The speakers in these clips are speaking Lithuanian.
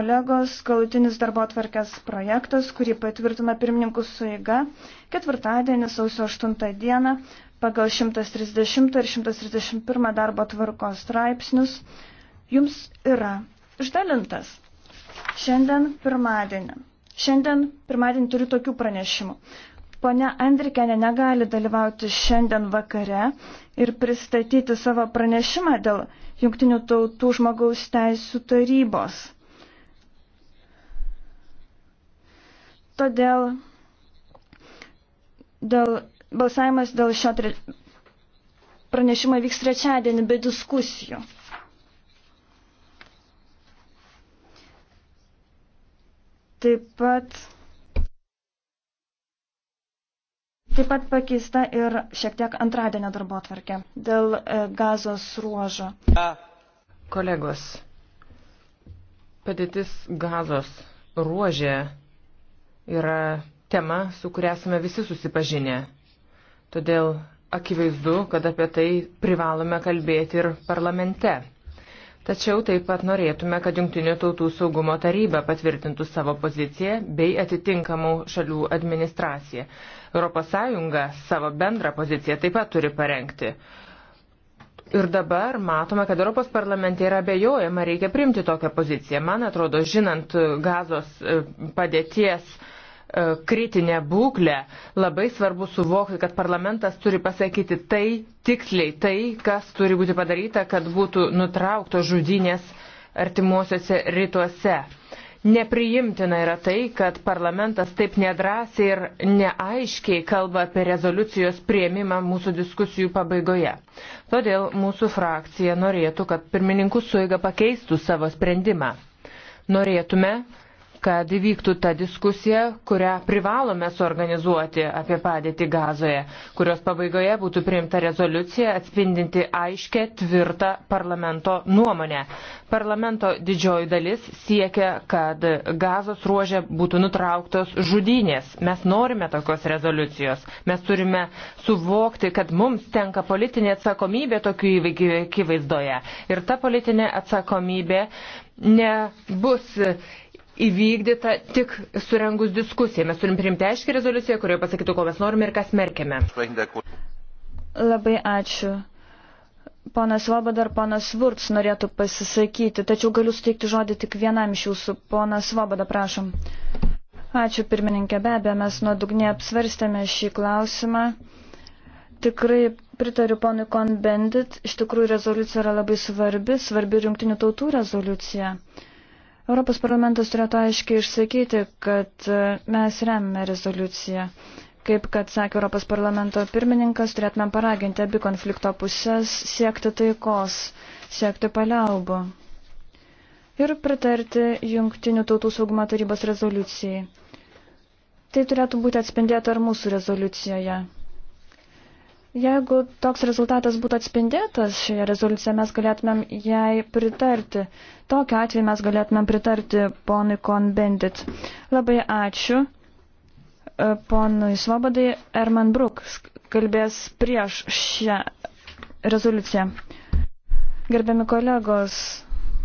Kolegos, galutinis darbo atvarkės projektas, kurį patvirtina pirmininkų suiga, ketvirtadienį sausio 8 dieną pagal 130 ir 131 darbo tvarkos straipsnius jums yra išdalintas. Šiandien pirmadienį. Šiandien pirmadienį turiu tokių pranešimų. Pone Andrikenė negali dalyvauti šiandien vakare ir pristatyti savo pranešimą dėl Junktinių tautų žmogaus teisų tarybos. Todėl dėl, balsavimas dėl šio tre... pranešimo vyks trečiadienį be diskusijų. Taip pat, taip pat pakeista ir šiek tiek antradienio darbo atvarkė dėl e, gazos ruožo. Kolegos, padėtis gazos ruožė yra tema, su kuria esame visi susipažinę. Todėl akivaizdu, kad apie tai privalome kalbėti ir parlamente. Tačiau taip pat norėtume, kad Junktinių tautų saugumo taryba patvirtintų savo poziciją bei atitinkamų šalių administraciją. ES savo bendrą poziciją taip pat turi parengti. Ir dabar matome, kad Europos parlamente yra abejojama, reikia primti tokią poziciją. Man atrodo, žinant gazos e, padėties e, kritinę būklę, labai svarbu suvokti, kad parlamentas turi pasakyti tai tiksliai, tai, kas turi būti padaryta, kad būtų nutraukto žudynės artimuosiuose rytuose. Nepriimtina yra tai, kad parlamentas taip nedrasiai ir neaiškiai kalba apie rezoliucijos prieimimą mūsų diskusijų pabaigoje. Todėl mūsų frakcija norėtų, kad pirmininkų suiga pakeistų savo sprendimą. Norėtume, kad įvyktų ta diskusija, kurią privalome suorganizuoti apie padėtį gazoje, kurios pabaigoje būtų priimta rezoliucija atspindinti aiškę, tvirtą parlamento nuomonę. Parlamento didžioji dalis siekia, kad gazos ruožė būtų nutrauktos žudynės. Mes norime tokios rezoliucijos. Mes turime suvokti, kad mums tenka politinė atsakomybė tokių įvykių akivaizdoje. Ir ta politinė atsakomybė nebus įvykdyta tik surengus diskusiją. Mes turim priimti aiškį rezoliuciją, kurioje pasakytų, ko mes norime ir ką smerkėme. Labai ačiū. Ponas Svoboda ir ponas Vurts norėtų pasisakyti, tačiau galiu suteikti žodį tik vienam iš jūsų. Ponas Svoboda, prašom. Ačiū pirmininkė, be abejo, mes nuodugniai apsvarstėme šį klausimą. Tikrai pritariu ponui Konbendit, iš tikrųjų rezoliucija yra labai svarbi, svarbi rinktinių tautų rezoliucija. Europos parlamentas turėtų aiškiai išsakyti, kad e, mes remiame rezoliuciją. Kaip, kad sakė Europos parlamento pirmininkas, turėtume paraginti abi konflikto pusės siekti taikos, siekti paliaubų ir pritarti Junktinių tautų saugumo tarybos rezoliucijai. Tai turėtų būti atspindėta ir mūsų rezoliucijoje. Jeigu toks rezultatas būtų atspindėtas šioje rezoliucijoje, mes galėtumėm jai pritarti. Tokiu atveju mes galėtumėm pritarti ponui Konbendit. Labai ačiū e, ponui Svobodai. Erman Brook kalbės prieš šią rezoliuciją. Gerbiami kolegos,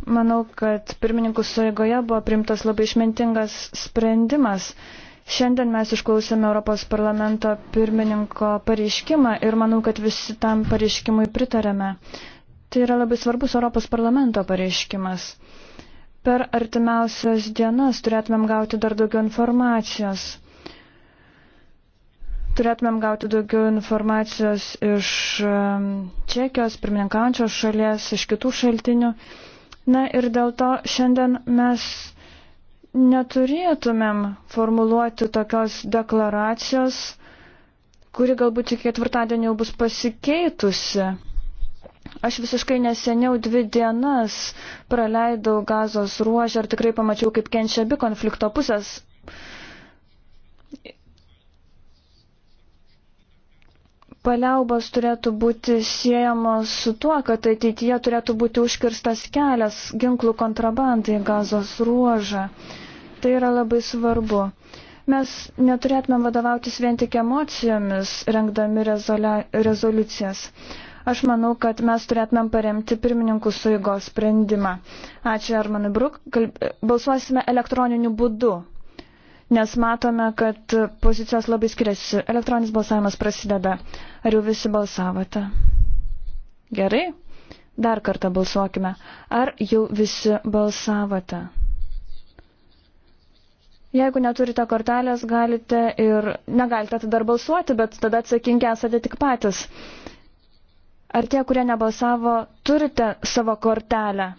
manau, kad pirmininkų suėgoje buvo primtas labai išmintingas sprendimas. Šiandien mes išklausėme Europos parlamento pirmininko pareiškimą ir manau, kad visi tam pareiškimui pritarėme. Tai yra labai svarbus Europos parlamento pareiškimas. Per artimiausias dienas turėtumėm gauti dar daugiau informacijos. Turėtumėm gauti daugiau informacijos iš Čekijos, pirmininkaujančios šalies, iš kitų šaltinių. Na ir dėl to šiandien mes neturėtumėm formuluoti tokios deklaracijos, kuri galbūt iki ketvirtadienio bus pasikeitusi. Aš visiškai neseniau dvi dienas praleidau gazos ruožę ir tikrai pamačiau, kaip kenčia abi konflikto pusės. paliaubos turėtų būti siejamos su tuo, kad ateityje turėtų būti užkirstas kelias ginklų kontrabandai gazos ruožą. Tai yra labai svarbu. Mes neturėtume vadovautis vien tik emocijomis, rengdami rezoliucijas. Aš manau, kad mes turėtumėm paremti pirmininkų suigos sprendimą. Ačiū, Armanai Bruk. Balsuosime elektroniniu būdu nes matome, kad pozicijos labai skiriasi. Elektroninis balsavimas prasideda. Ar jau visi balsavote? Gerai. Dar kartą balsuokime. Ar jau visi balsavote? Jeigu neturite kortelės, galite ir negalite tada balsuoti, bet tada atsakingi esate tik patys. Ar tie, kurie nebalsavo, turite savo kortelę?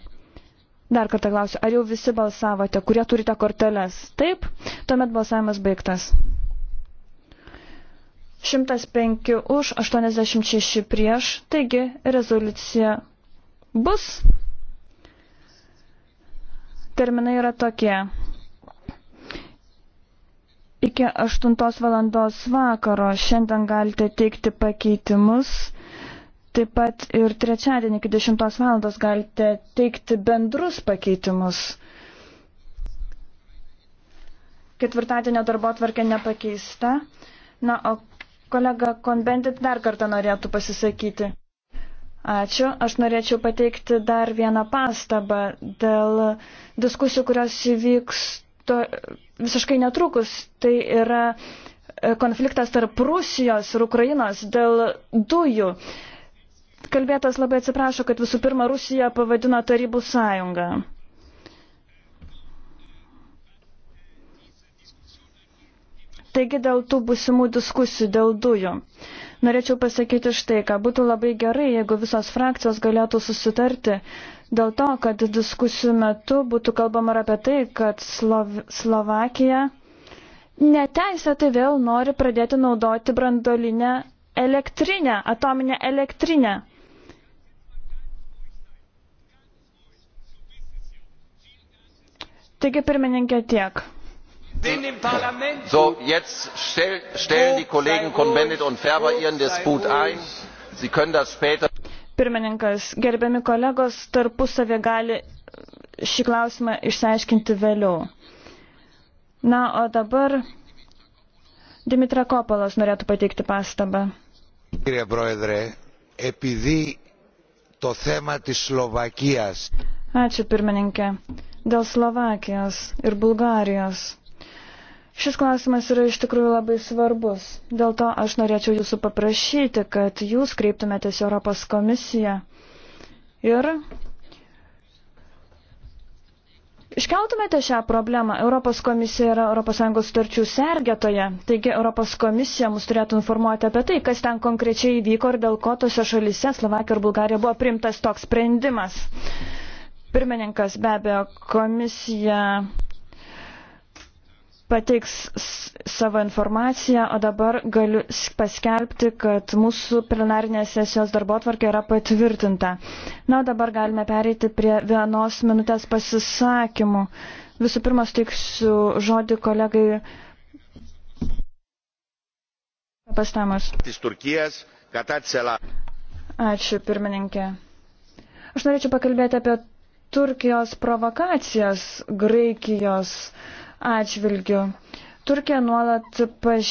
Dar kartą klausiu, ar jau visi balsavote, kurie turite korteles? Taip, tuomet balsavimas baigtas. 105 už, 86 prieš, taigi rezoliucija bus. Terminai yra tokie. Iki 8 valandos vakaro šiandien galite teikti pakeitimus. Taip pat ir trečiadienį iki 10 val. galite teikti bendrus pakeitimus. Ketvirtadienio darbo tvarkė nepakeista. Na, o kolega Konbendit dar kartą norėtų pasisakyti. Ačiū. Aš norėčiau pateikti dar vieną pastabą dėl diskusijų, kurios įvyks to, visiškai netrukus. Tai yra konfliktas tarp Rusijos ir Ukrainos dėl dujų. Kalbėtas labai atsiprašo, kad visų pirma Rusija pavadino Tarybų sąjungą. Taigi dėl tų busimų diskusijų, dėl dujų. Norėčiau pasakyti štai, ką būtų labai gerai, jeigu visos frakcijos galėtų susitarti dėl to, kad diskusijų metu būtų kalbama ir apie tai, kad Slov Slovakija neteisėtai vėl nori pradėti naudoti brandolinę elektrinę, atominę elektrinę. Taigi pirmininkė tiek. So, jetzt stell, stellen die Kollegen Cohn-Bendit und Ferber ihren Disput ein. Sie können das später. Pirmininkas, gerbiami kolegos, tarpusavė gali šį klausimą išsiaiškinti vėliau. Na, o dabar Dimitra Kopalas norėtų pateikti pastabą. Κύριε Πρόεδρε, επειδή το θέμα της Σλοβακίας... Ačiū pirmininkė. Dėl Slovakijos ir Bulgarijos. Šis klausimas yra iš tikrųjų labai svarbus. Dėl to aš norėčiau jūsų paprašyti, kad jūs kreiptumėtės Europos komisiją ir Iškeltumėte šią problemą. Europos komisija yra ES sutarčių sergėtoje, taigi Europos komisija mus turėtų informuoti apie tai, kas ten konkrečiai įvyko ir dėl ko tose šalyse, Slovakija ir Bulgarija, buvo primtas toks sprendimas. Pirmininkas be abejo, komisija pateiks savo informaciją, o dabar galiu paskelbti, kad mūsų plenarinės sesijos darbo tvarkė yra patvirtinta. Na, o dabar galime pereiti prie vienos minutės pasisakymų. Visų pirma, steiksiu žodį kolegai Pastamas. Ačiū, pirmininkė. Aš norėčiau pakalbėti apie Turkijos provokacijas Graikijos atžvilgių. Turkija nuolat pažymė.